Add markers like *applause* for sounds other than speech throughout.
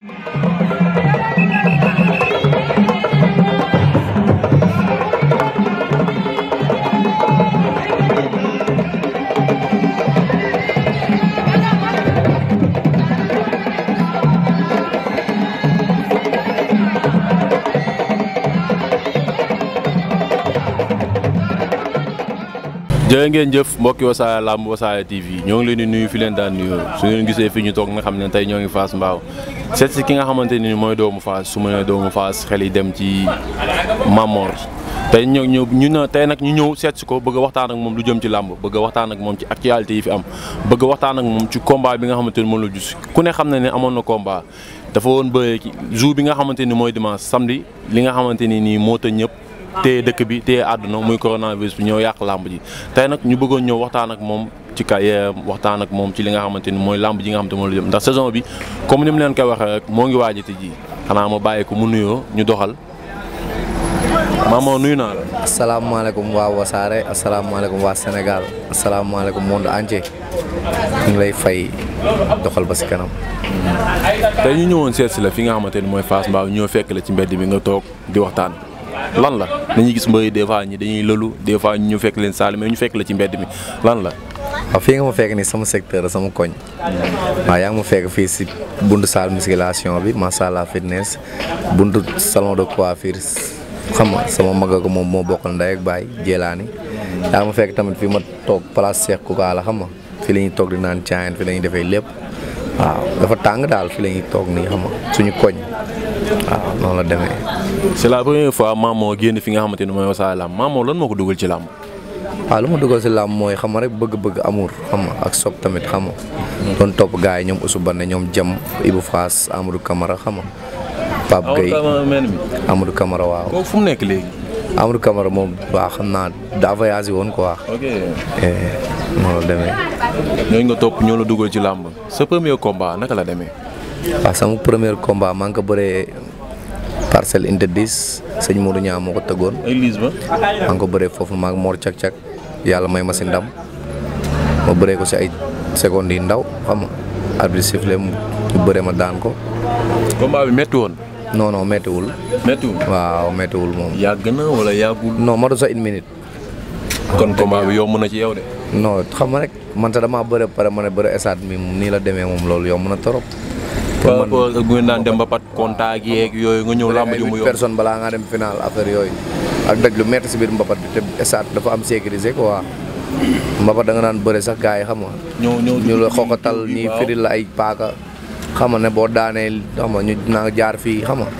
you jërë ngeen jëf mbokki wasaare làmb wasaare TV ñoo ngi leen di nuyu fi leen daan nuyoo su ngeen gisee fi ñu toog nga xam ne tey ñoo ngi Fass Mbao seet si ki nga xamante ni mooy doomu Fass su ma nee doomu Fass xel yi dem ci Mamor tey ñoo ñëw ñu ne tey nag ñu ñëw seet ko bëgg waxtaan ak moom lu jëm ci làmb bëgg a ak moom ci actualité yi fi am bëgg waxtaan ak ci combat bi nga xamante ni moom la ku ne xam ne ne amoon na combat dafa woon bëree jour bi nga xamante ni mooy dimanche samedi li nga xamante ni nii moo tëj ñëpp téye dëkk bi téye àdduna muy coronavirus bi ñëw yàq làmb ji tey nag ñu bëggoon ñëw waxtaan ak moom ci carrière waxtaan ak moom ci li nga xamante ni mooy làmb ji nga xamante moo la jëm ndax saison bi comme ni mu leen koy waxee moo ngi waajati ji xanaa ma bàyyi mu nuyoo ñu doxal Maama nuyu naa la. asalaamaaleykum waa Wasaare asalaamaaleykum waa Sénégal asalaamaaleykum monde entier ñu ngi lay fay doxal ba si kanam. tey ñu ñëwoon seet si la fi nga xamante ni mooy Fass Mbao ñoo fekk la ci mbedd bi nga toog di waxtaan. lan la dañuy gis mbëy des fois ñi dañuy lëlu des fois ñu fekk leen saal mais ñu fekk la ci mbedd mi lan la. waaw fii nga ma fekk ni sama secteur sama koñ waaw yaa ngi ma fekk fii si buntu salle musculation bi macha allah fitness buntu salon de coiffure xam nga sama mag ak moom moo bokkal ndey ak baay jéelaani yaa ngi ma fekk tamit fii ma toog place Cheikh Kouka la xam ma fii la ñuy toog di naan caayan fii la defee lépp waaw dafa tàng daal fii la toog nii xam suñu koñ. waaw ah, noonu la demee. c'est la première fois Mamo génn fi nga xamante ni mooy Wassare Lamb Mamo lan moo ko dugal ci làmb. waaw ah, lu ma dugal si làmb mooy xam rek bëgg-bëgg amour xam ak sob tamit xam nga. doon topp gars yi ñoom Ousou Bane ñoom Jam Ibou Fass Amadou Camara xam nga. Pape Gueye Amadou Camara waaw. fu mu nekk léegi. Amadou kamara moom waa xam naa daa voyagé woon quoi. ok eh, noonu la demee. ñooñu nga topp ñoo la dugal ci làmb sa premier combat naka la demee. waaw sama premier combat maa ngi ko bëree parcelle unité 10 sëñ Modou Niang moo ko tëggoon. maa ngi ko bëree foofu maa ngi Mor Cak Cak yàlla may ma si ndam ma bëree ko si ay secondes yi ndaw xam nga arbitre ma daan ko. combat bi métti woon. non non méttiwul. wala yàggul. non ma doon sax une minute. kon na ci yow de. non xam nga rek man sax damaa bëre pare ma ne bëre esaat mi nii la demee moom loolu mën a trop. Euh, par rapport ak bu ngeen daan dem ba pat contact yeeg yooyu nga ñëw làmb ji mu yomb personne balaa ngaa dem final affaire yooyu ak daj lu metti si biir mbapat bi te stade dafa am sécurisé quoi mbapat da nga naan bëre sax gars xam nga ñëw ñëw ñu la xoqatal ñii la ay paaka xam nga ne boo daanee xam nga ñu naa jaar fii xam nga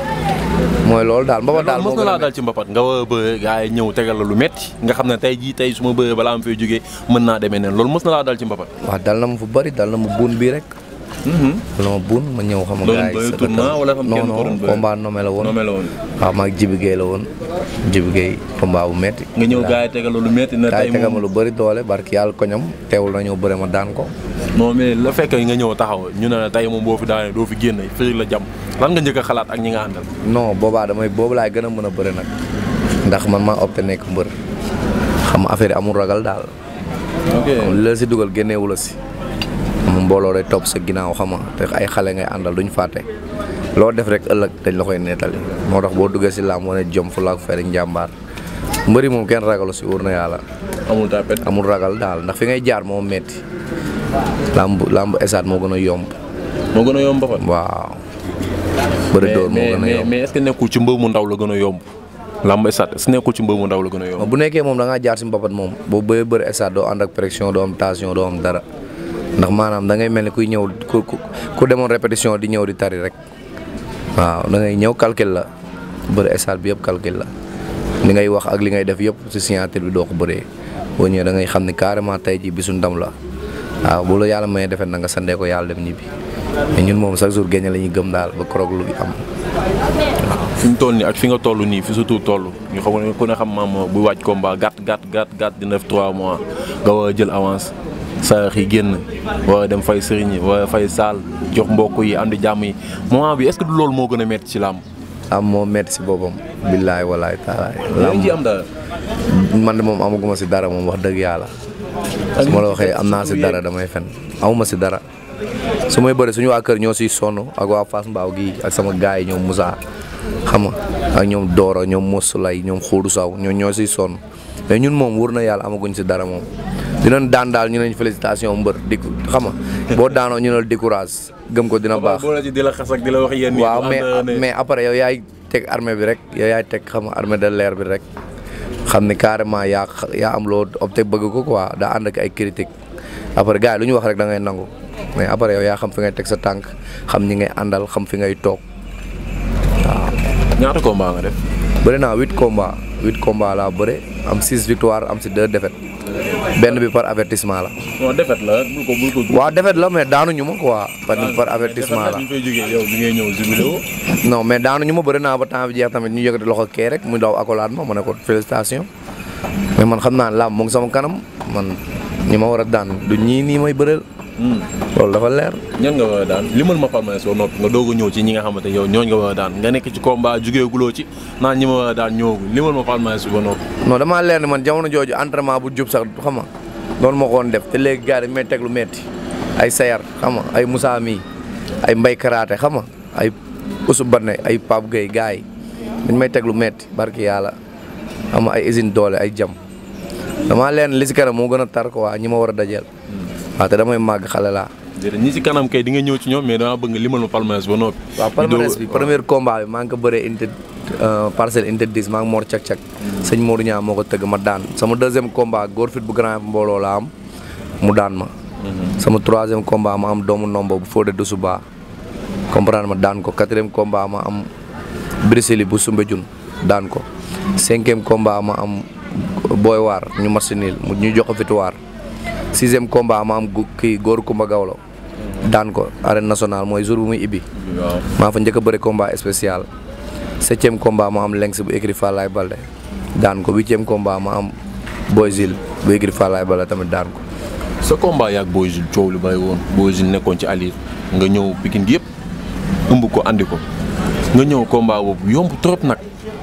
mooy loolu daal mbapat daal mos na daal ci mbapat nga war a ñëw tegal la lu metti nga xam ne tey jii tey su ma bëree balaa ma fay jógee mën naa demee neen loolu mos na laa daal ci mbapat waaw dal na ma fu bari dal na mu buun bii rek dama mm-hmm. buun ma ñëw xam nga gars yi non non combat nommé la woon waaw maag Jibi la woon ah, Jibi Gueye bu metti nga ñëw gars yi tegal lu metti na tey tegal lu bëri doole barki yàlla ko ñam teewul ñëw bëre ma daan ko non mais la nga ñëw taxaw ñu ne tey moom boo fi daanee doo fi génn fii la jam lan nga njëkk a xalaat ak ñi nga àndal no boobaa damay boobu laay gën a mën a bëre nag ndax man maa opté nekk mbër xam affaire yi amul ragal daal ok li la si dugal génneewu si mbooloo lay topp sa ginnaaw xam te ay xale ngay àndal duñ fàtte loo def rek ëllëg dañ la koy nettali moo tax boo duggee si làmb wane jom laak fere njàmbaar mbëri moom kenn ragalu si wóor na yàlla. amul tapet ragal daal ndax fi ngay jaar moo metti làmb làmb esaat moo gën a yomb. moo gën a yomb ba waaw. a yomb ci mbër mu ndaw la gën a yomb. làmb esaat est-ce que nekkul ci mbër a yomb. bu nekkee moom dangaa jaar si mbapat moom boo bëree bëri esaat doo ànd ak pression doo am tension doo am dara. ndax maanaam da ngay mel ni kuy ñëw ku ku demoon répétition di ñëw di tari rek waaw dangay ñëw calcul la bëri stade bi yëpp calcul la li ngay wax ak li ngay def yëpp ci signature bi doo ko bëree boo ñëwee da ngay xam ni carrément tey bi su ndam la waaw bu la yàlla mayee defee na nga sandee ko yàlla dem ñibbi mais ñun moom chaque jour génne la ñuy gëm daal ba koroog lu am. fi mu toll nii ak fi nga toll nii fi surtout toll ñu xam ku ne xam maam bu waaj combat gàtt gàtt gàtt gàtt dina def mois nga jël avance. sarax yi génn war a dem fay sëriñ yi war a fay saal jox mbokk yi am di jàmm yi moment bi est du loolu moo gën a metti ci làmb am moo si boppam billaay walaay làmb am man de moom amaguma si dara moom wax dëgg yàlla su ma la waxee am naa si dara damay fen amuma si dara su may bëri suñu waa kër ñoo siy sonn ak waa Fass Mbaaw gi ak sama gars yi ñoom musaa xam nga ak ñoom Dora ñoom Mosulay ñoom Khourou Sow ñoom ñoo siy sonn mais ñun moom wur na yàlla amaguñ si dara moom dina daan daal ñu neñ félicitation mbër di xam nga boo daanoo ñu ne décourage gëm ko dina baax. di la xas ak la wax yéen waaw mais mais après yow yaay teg armée bi rek yow yaay teg xam nga de leer bi rek xam ni carrément yaa yaa am loo opté bëgg ko quoi daa ànd ak ay critique après gars yi lu ñu wax rek da ngay nangu mais après yow yaa xam fi ngay teg sa tànk xam ñi ngay àndal xam fi ngay toog waaw. ñaata combat nga def. bëri naa huit combat huit combat laa bëre am six victoire am si deux défaite benn bi par avertissement la. non défaite la bul ko bul ma quoi. Ah, par par avertissement la yow bi ngay ñëw ma bëri naa ba temps bi jeex tamit ñu yëkkati loxo kee rek mu daw accolade ma ma ne ko félicitation mais man xam naa làmb mu sama kanam man ñi ma war a daan du ñii nii may bëreel. loolu dafa leer. ñan nga war a daan limal ma palmarès soo noppi nga doog ñëw ci ñi nga xamante yow ñooñ nga war a daan nga nekk ci combat jugeeguloo ci naan ñi ma war a daan ñëwagul limal ma palmarès ba noppi. non damaa leer ne man jamono jooju entraînement bu jub sax xam nga noonu ma ko woon def te léegi gars yi teg lu metti ay sayar xam nga ay Moussa mi ay Mbay Karaate xam nga ay Ousou Bane ay Pape Gueye gars yi dañ may teg metti barki yàlla xam ay usine doole ay jam damaa leen li si moo gën a tar ko waa ñi ma war a dajeel waaw te damay màgg xale laa. jërëjëf ñi si kanam kay di nga ñëw ci ñoom mais dama bëgg nga limal ma palmarès ba noppi. waaw palmarès bi premier combat bi maa ngi ko bëree unité euh, parcelle unité 10 maa ngi Mor Cak Cak. Hmm. sëñ Modou Niang moo ko tëgg ma daan sama deuxième combat góor fit bu grand mbooloo la mu daan ma. Hmm. sama troisième combat ma am doomu nombo bu Fodé du subaa comprendre ma daan ko quatrième combat ma am Brésil bu Soumbédioune daan ko cinquième combat ma am booy Waar ñu match mu ñu jox ko victoire sixième combat ma am kii góor Kumba Gawlo daan ko arène national mooy jour bu muy ibbi. maa fa njëkk a bëri combat spécial. septième combat ma am lengs bu écrit Fallaye Balde daan ko huitième combat ma am Boy Zil bu écrit Fallaye Balde tamit daan ko. sa combat yaag Boy Zil coow lu bëri woon Boy Zil nekkoon ci alir nga ñëw Pikine gi yëpp ëmb ko andi ko nga ñëw combat boobu yomb trop nag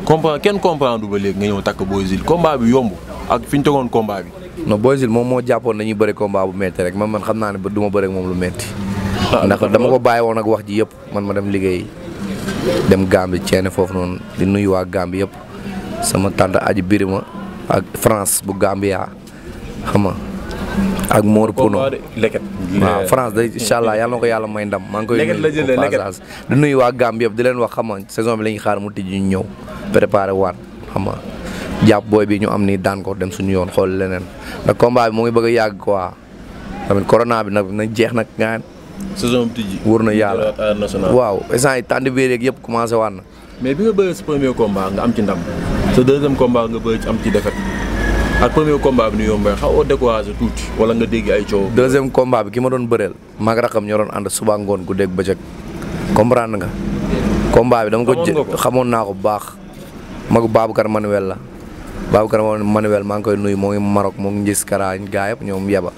comprendre kenn comprendre du ba léegi nga ñëw takk Boy Zil combat bi yomb ak fi ñu tegoon combat bi. no Boy Jules moom moo jàppoon dañuy bëri combat bu métti rek man man xam naa ne ba du ma bëri lu métti. Ah, ndax dama ko bàyyi woon ak wax ji yëpp man ma dem liggéey dem Gambie ceene foofu noonu di nuyu waa Gambie yëpp sama tante aji Birima ak France bu Gambia xam nga ak Mor Pono waaw France day incha allah yàlla na ko yàlla may ndam maa ngi koy nuyu waa Gambie yëpp di leen wax xam nga saison bi lañuy xaar mu tijji ñu ñëw préparé waat xam jàpp booy bi ñu am nii daan ko dem suñu yoon xool leneen ndax combat bi mu ngi bëgg a yàgg quoi tamit corona bi nag nañ jeex nag gaan saison tijji wóor na yàlla waaw instant yi tànn bi rek yëpp commencé waat na. mais bi nga bëree sa premier combat nga am ci ndam sa deuxième combat nga bëri ci am ci défaite ak premier combat bi nu yombee xaw a découragé tuuti wala nga dégg ay coow. deuxième combat bi ki ma doon bëreel mag rakam ñoo doon ànd suba ngoon gu dégg bëccëg comprendre nga. combat bi dama ko jë xamoon naa ko bu baax magu Babacar Manuel la. Babacar Manuel maa ngi koy nuyu moo ngi Maroc moo ngi gis Kara gaa yëpp ñoom yeba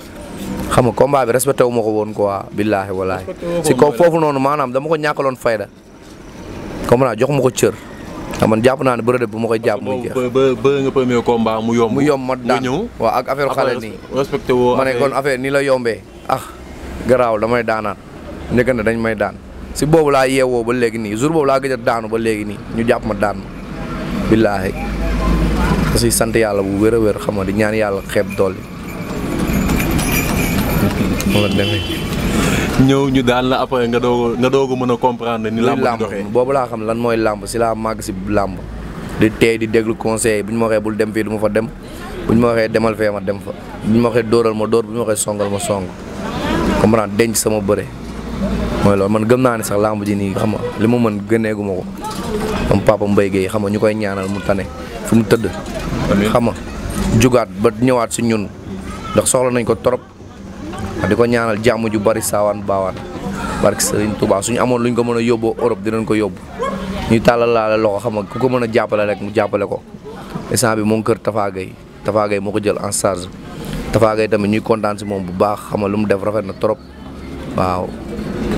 xam nga combat bi respecté wu ma ko woon quoi billaahi wallaahi si kaw foofu noonu maanaam dama ko ñàkkaloon fayda comme naa jox ma ko cër ah man jàpp naa ne bëre bu ma koy jàpp. muy ba nga premier combat mu yomb. mu yomb ma daan waaw ak affaire xale nii respecté woo ma ne kon affaire nii la yombee ah garaaw damay daanaat njëkk na dañ may daan si boobu laa yeewoo ba léegi nii jour boobu laa gëj a daanu ba léegi nii ñu jàpp ma daan ma ko sant yàlla bu wér a wér xam nga di ñaan yàlla xeeb dool yi ñëw ñu daan la mën a ni. làmb doxee boobu laa xam lan mooy làmb si laa màgg si làmb. di tey di déglu conseil bu ñu ma waxee bul dem fii du ma fa dem bu ñu ma waxee demal fee ma dem fa bu ñu ma waxee dóoral ma dóor bu ñu ma waxee songal ma song comprendre denc sama bëre. mooy loolu man gëm naa ne sax làmb ji nii xam nga li ma mën gëneegu ma ko am papa Mbaye Guèye xam nga ñu koy ñaanal mu tane. fu mu tëdd xama jugaat ba ñëwaat si ñun ndax soxla nañ ko trop di ko ñaanal jàmm ju bari saawaan baawaan barke Serigne Touba suñu amoon ñu ko mën a yóbboo Europe dinañ ko yóbbu ñuy tàllal laale loxo xam ku ko mën a jàppale rek mu jàppale ko instant bi moom kër Tafa Gueye Tafa Gueye moo ko jël en charge Tafa Gueye tamit ñuy kontaan si moom bu baax xam nga lu mu def rafet na trop waaw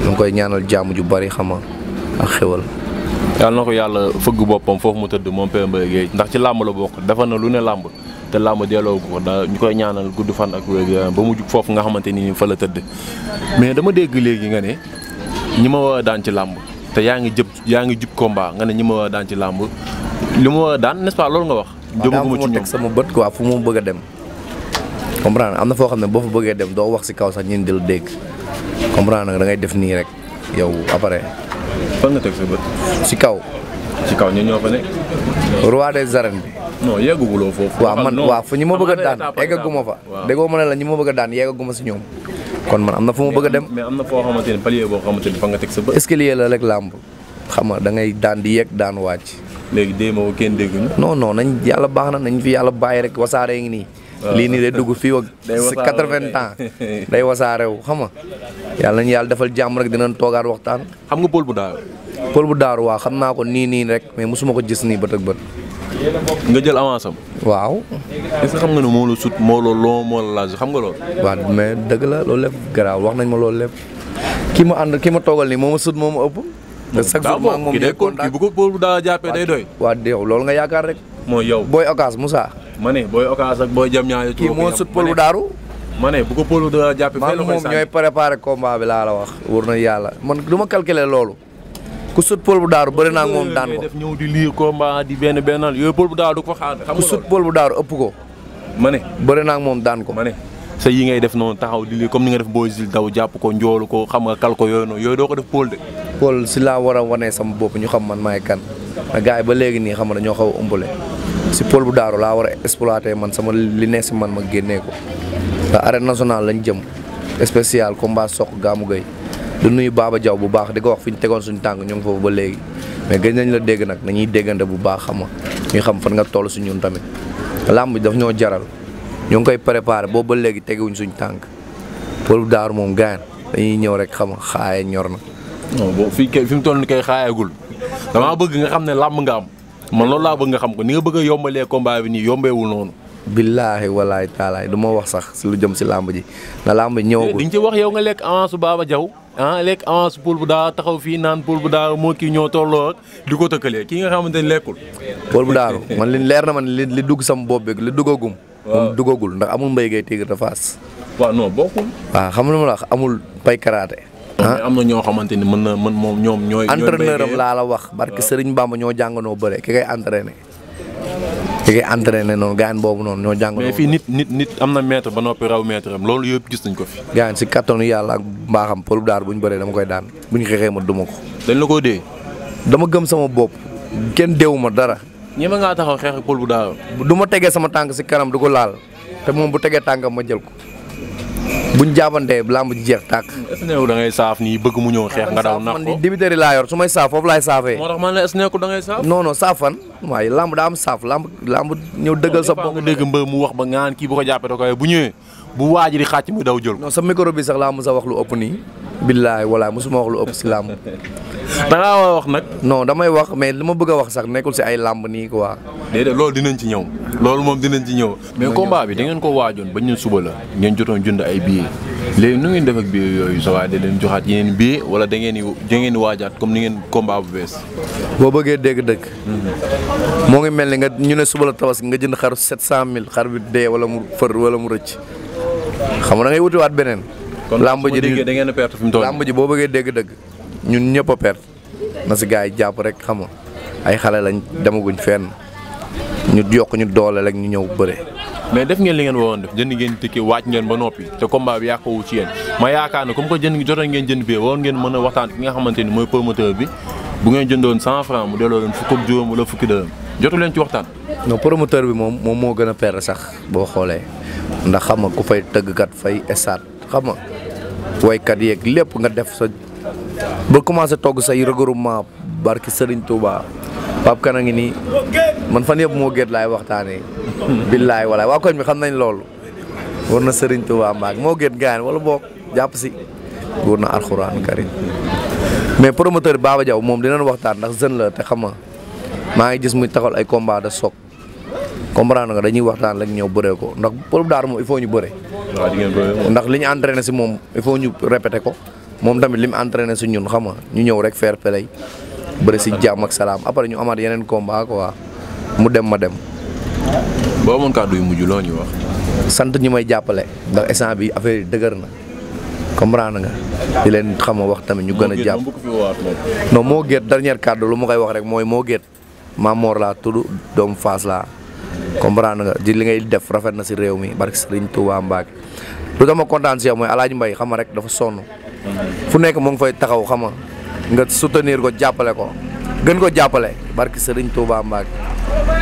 ñu ngi koy ñaanal jàmm ju bari xama ak xéwal yàlla na ko yàlla fëgg boppam foofu mu tëdd moom Père Mbaye Guèye ndax ci làmb la bokk dafa na lu ne làmb te làmb delloo ko da ñu koy ñaanal gudd fan ak wér ba mu jug foofu nga xamante ni fa la tëdd mais dama dégg léegi nga ne ñi ma war daan ci làmb te yaa ngi jëb yaa ngi jub combat nga ne ñi ma war daan ci làmb li ma war a daan nest loolu nga wax jëmaguma ci ñoom teg sama bët quoi fu mu bëgg a dem comprendre am na foo xam ne boo fa bëggee dem doo wax si kaw sax ñun di la dégg comprendre da ngay def nii rek yow fan nga teg sa bët. si kaw. ci kaw ñu ñoo fa nekk. roi des arènes bi. non yeggaguloo foofu. waaw man waaw fu ñi ma bëgg a daan yeggaguma fa. waaw déggoo ma la ñu ma bëgg a daan yeggaguma si ñoom. kon man am na fu ma bëgg dem mais am na foo xamante ni palier boo xamante ni fa nga teg sa bët. escalier la rek làmb xam nga da ngay daan di yegg daan wàcc. léegi dee ma kenn dégguñu. non non nañ yàlla baax na nañ fi yàlla bàyyi rek wasaare ngi nii. *laughs* lii nii day dugg fii ak si quatre-vingts ans day wasaarew xam nga yàlla nañu yàlla defal jàmm rek dinañ toogaat waxtaan xam nga Paul bu daaru Paul bu daaru waaw xam naa ko nii nii rek mais mosuma ko gis nii bët ak bët nga jël avance am waaw xam nga ne moo la sut moo moo la xam nga loolu waaw mais dëgg la loolu lépp garaaw wax nañ ma loolu lépp kii ma ànd ki ma toogal nii moo ma sut moo ma ëpp te chaque moom maa ngi moom bu ko Paul bu daa jàppee day doy waaw yow loolu nga yaakaar rek mooy yow booy occas Moussa ma ne booy Ocass ak booy jam ñaayo kii moo sut pël bu daaru ma ne bu ko pël bu daaru jàppee man moom ñooy préparé combat bi laa la wax wóor na yàlla man du ma calculer loolu ku sut pël bu daaru bëri naa moom daan ko def ñëw di lii combat di benn bennal yooyu pël bu daaru ko fa xaar ku sut bu daaru ëpp ko ma ne bëri naa moom daan ko ma ne sa yi ngay def noonu taxaw di lii comme ni nga def boo zil daw jàpp ko njoolu ko xam nga kal ko yooyu noonu yooyu doo ko def pôl de pôl si laa war a wanee sama bopp ñu xam man maay kan na gars yi ba léegi nii xam nga dañoo xaw a si pôle bu daaru laa war a exploiter man sama li ne si man ma génnee ko ndax arène nationale lañ jëm spécial combat soq gaamu gay lu nuyu Baba jaw bu baax di ko wax fi ñu tegoon suñu tànk ñu ngi foofu ba léegi mais gëj nañ la dégg nag nañuy déggante bu baax xam nga xam fan nga toll si ñun tamit làmb bi daf ñoo jaral ñu ngi koy préparé boobu ba léegi tegewuñ suñu tànk pôle bu daaru moom gaan dañuy ñëw rek xam nga xaaye ñor na. non boo fii fi mu toll ni kay xaayagul damaa bëgg nga xam ne làmb nga am. man loolu laa bëgg nga xam ko ni nga bëgg a yombalee combat bi nii yombewul noonu. billaahi walaahi taalaay du ma wax sax si lu jëm si làmb ji na làmb ñëwagul. di nga ci wax yow nga lekk avance Baba Diaw ah lekk avance poul bu daa taxaw fii naan poul bu daa moo kii ñoo tolloo ak di ko tëkkalee kii nga xamante ni lekkul. poul bu daaru man li leer na man li li dugg sama bopp bi li duggagum. waaw duggagul ndax amul mbéy ngay tigre de face. waa noo bokkul. waaw xam nga lu ma la amul bay ah am na ñoo xamante ni mën na mën moom ñoom ñooy. entraîneur laa la wax barke Serigne Bamba ñoo jànganoo bëre ki koy entraîné. ki koy entraîné noonu gaañ boobu noonu ñoo jànganoo. mais fii nit nit nit am na maître ba noppi raw maître loolu yëpp gis nañ ko fi. gaañ si kattanu yàlla ak mbaaxam pël daar bu ñu bëree dama koy daan bu ñu xeexee ma duma ko. dañ la ko dee. dama gëm sama bopp kenn deewu ma dara. ñeme ngaa taxaw xeex ak pël bu daar. du tegee sama tànk si kanam du ko laal te moom bu tegee tànkam ma jël ko buñ jaabantee làmb jeex tàkk. est-ce da ngay saaf nii bëgg mu ñëw xeex nga daw. nax ko man di dibiteri laa su may saaf foofu laay saafee. moo tax man la est saaf. non waaye làmb daa am saaf làmb ñëw dëggal sa bopp. nga dégg mbër mu wax ba ngaan kii bu ko jàppee da koy bu ñëwee bu waaj di xàcc mu daw jël. sa micro sax laa mos a wax lu ëpp nii. billaay walaay ma wax lu ëpp si làmb *laughs* *laughs* da ngaa war wax nag. no damay wax mais li ma bëgg a wax sax nekkul si ay làmb nii quoi. déedéet loolu dinañ ci ñëw. loolu moom dinañ ci ñëw. mais combat bi da ngeen ko waajoon ba ñu suba la ngeen jotoon jënd ay billets léegi nu ngeen def ak yooyu sa waay leen joxaat yeneen billets wala da ngeen ngeen waajaat comme ni ngeen combat bu bees. boo bëggee dégg dëgg. moo ngi mel ni nga ñu ne suba la tabaski nga jënd xar xaru 700000 xar bi dee wala mu fër wala mu rëcc xam nga da ngay wutiwaat beneen. làmb ji kon su ma déggee da ngeen a perte fi mu làmb ji boo bëggee dégg dëgg ñun ñëpp a perte na si gars yi jàpp rek xam nga ay xale lañ demaguñ fenn ñu yokk ñu doole rek ñu ñëw bare mais def ngeen li ngeen waroon def jënd ngeen tikki waaj ngeen ba noppi te combat bi yàqoowu ci yéen ma yaakaar ne comme que jënd jotoon ngeen jënd bi waroon ngeen mën a waxtaan ki nga xamante ni mooy promoteur bi bu ngeen jëndoon cent franc mu delloo leen fukk ak juróom wala fukki dërëm jotu leen ci waxtaan. non promoteur bi moom moom moo gën a perdre sax boo xoolee ndax xam nga ku fay tëggkat fay esaat xam nga waykat yeeg lépp nga def sa ba commencé togg say regroupement barki Serigne Touba Pape Kana ngi nii man fan yëpp moo géet laay waxtaanee. *laughs* billaay walaay waa koñ bi xam nañ loolu. war na Serigne Touba mbaag moo géet gaañ wala book jàpp si. war na alxuraan karim mais promoteur Baba Diaw moom dinañ waxtaan ndax jeune la te xam nga maa ngi gis muy taxal ay combat de soog comprendre nga dañuy waxtaan rek ñëw bëree ko ndax pour daar moom il faut ñu bëre. waaw di ngeen ndax li ñu si moom il faut ñu répété ko. moom tamit li mu na su ñun xam nga ñu ñëw rek fair play bëri si jàmm ak salaam après ñu amaat yeneen combat quoi mu dem ma dem. boo amoon kàddu yu mujj loo ñu wax. sant ñu may jàppale ndax instant bi affaire dëgër na comprendre nga di leen xam wax tamit ñu gën a jàpp non moo géet dernière kàddu lu ma koy wax rek mooy moo géet Mamor laa tudd doomu fas laa comprendre nga di li ngay def rafet na si réew mi barke Serigne Touba Mbacke lu tax ma kontaan si yow mooy Alaaji Mbay xam rek dafa sonn fu nekk mu ngi fay taxaw xam nga nga soutenir ko jàppale ko gën ko jàppale barki Sëriñ Touba Mbacke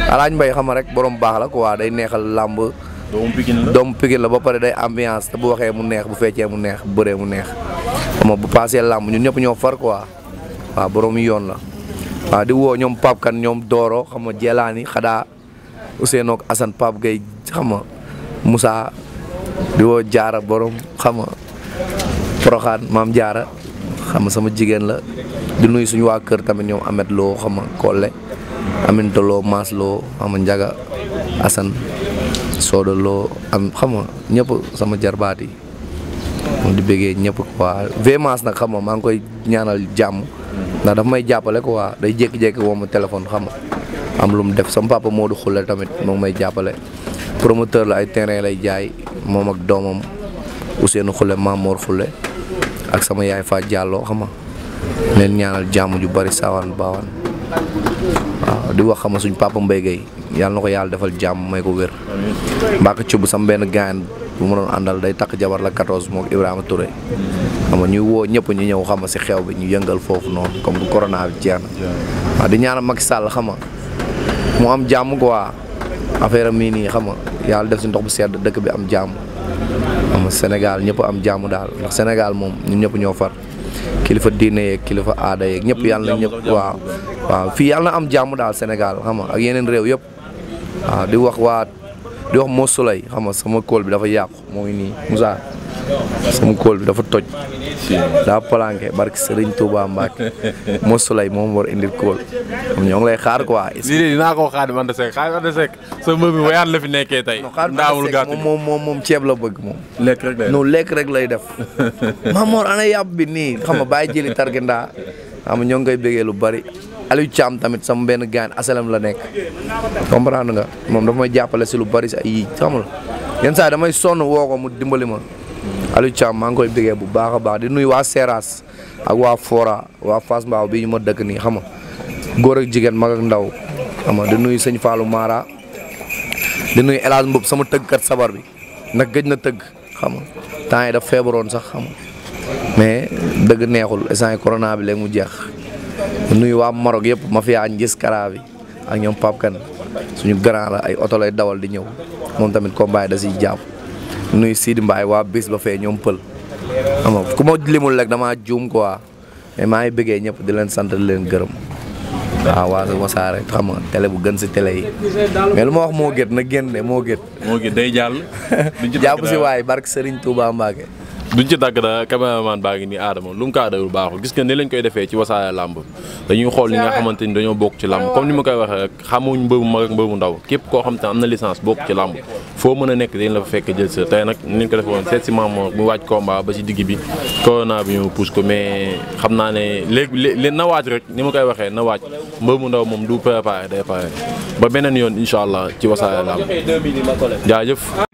Alaañ Mbay xam nga rek borom baax la ko quoi day neexal làmb. doom Pikine la la ba pare day ambiance te bu waxee mu neex bu feccee mu neex bu bëree mu neex xam bu paasee làmb ñu ñëpp ñoo far quoi waaw borom yoon la. waa di woo ñoom Pape Kane ñoom Doro xam nga Jelaani Xadaa use ak Assane Pape Gueye xam nga Moussa di woo Jaara borom xam nga Poroxaan maam jaara xam nga sama jigéen la di nuyu suñu waa kër tamit ñoom Amet Lo xam nga Kole Aminta Lo Maas Lo Njaga Asan Sooda Lo am xam ñëpp sama jarbaat di bëggee ñëpp waa Vmaas nag xam nga maa ngi koy ñaanal jàmm ndax dafa may jàppale waa day jékki-jékki woo ma téléphone xam nga am lu mu def sama papa Modou Khoule tamit moom may jàppale promoteur la ay terrain lay jaay moom ak doomam Ousseynou Khoule Mamour Khoule ak sama yaay fa jàlloo xam nga leen ñaanal jàmm ju bari saawaan baawaan waaw di wax xama nga suñ papa Mbaye Gueye yàlla na ko yàlla defal jàmm may ko wér mbaaka cubb sama benn gaan bu ma doon àndal day takk jabar la 14 mook Ibrahima Touré xam nga ñuy woo ñëpp ñu ñëw xam nga si xew bi ñu yëngal foofu noonu comme que corona bi jeex na di ñaanal Macky Sall xam nga mu am jàmm quoi affaire am yi nii xam nga yàlla def si ndox bu sedd dëkk bi am jàmm xam Sénégal ñëpp am jàmm daal ndax Sénégal moom ñun ñëpp ñoo far kilifa diine yeeg kilifa aada yeeg ñëpp yàlla na ñëpp waaw fii yàlla na am jàmm daal Sénégal xam ak yeneen réew yépp waaw di wax waa di wax Mosulay xam nga sama kóol bi dafa yàqu moo ngi nii Moussa sama kóol bi dafa toj. daa planqué barki Serigne Touba Mbacke mosulay moom war indil kóol ñoom ñoo lay xaar quoi. lii de dinaa ko xaar Anta Seck xaar Anta Seck la fi nekkee tey. ndaamul gàtt moom moom moom ceeb la bëgg moom. lekk rek lay def non lekk rek lay def. *laughs* ana yàpp bi nii xam nga bàyyi jëli targindaa xam nga ñoo ngi koy bégee lu bari. Aliou Thiam tamit sama benn gaan asalam la nekk comprendre nga moom dafa may jàppale si lu bari si ay yii xam nga saa damay sonn woo ko mu dimbali ma. Aliou Thiam maa ngi koy bëggee bu baax a baax di nuyu waa Seras ak waa Fora waa Fass Mbao bi ñu ma dëkk nii xam nga góor ak jigéen mag ndaw xam di nuyu sëñ Fallou Mara di nuyu El Hadj Mbub sama tëggkat sabar bi nag gëj na tëgg xam temps yi daf feebaroon sax xam nga dëgg neexul instant yi corona bi léegi mu jeex nuyu waa Maroc yëpp ma fi àñ gis kara bi ak ñoom Pape Kane suñu grand la ay oto lay dawal di ñëw moom tamit combat da siy jàpp. nuy Sidi Mbaye waa bis ba fee ñoom pël xam ku ma limul rek damaa juum ko waa maa ngi bëggee ñëpp di leen sant di leen gërëm waaw waa Wassare xam nga télé bu gën si télé yi mais lu ma wax moo gét na génn de moo gét moo gét day jàll *laughs* jàpp si waay barke Serigne Touba Mbacke duñ ci dagg da caméraman baa ngi nii aadama lu kaa dawul baaxul gis nga ni lañ koy defee ci wasaare làmb dañuy xool li nga xamante ni dañoo bokk ci làmb comme ni ma koy waxee rek xamuñ mbër képp koo xam te am na licence bokk ci làmb foo a nekk dañ la fa fekk jël sa tey ni ñu ko defee woon seet si Mamour mu wàcc combat ba si digg bi corona bi ñu pousse ko mais xam naa ne léegi leen na waaj rek ni ma koy waxee na waaj mbër mu ndaw moom du préparé day pare ba beneen yoon incha allah ci wasaare làmb jaajëf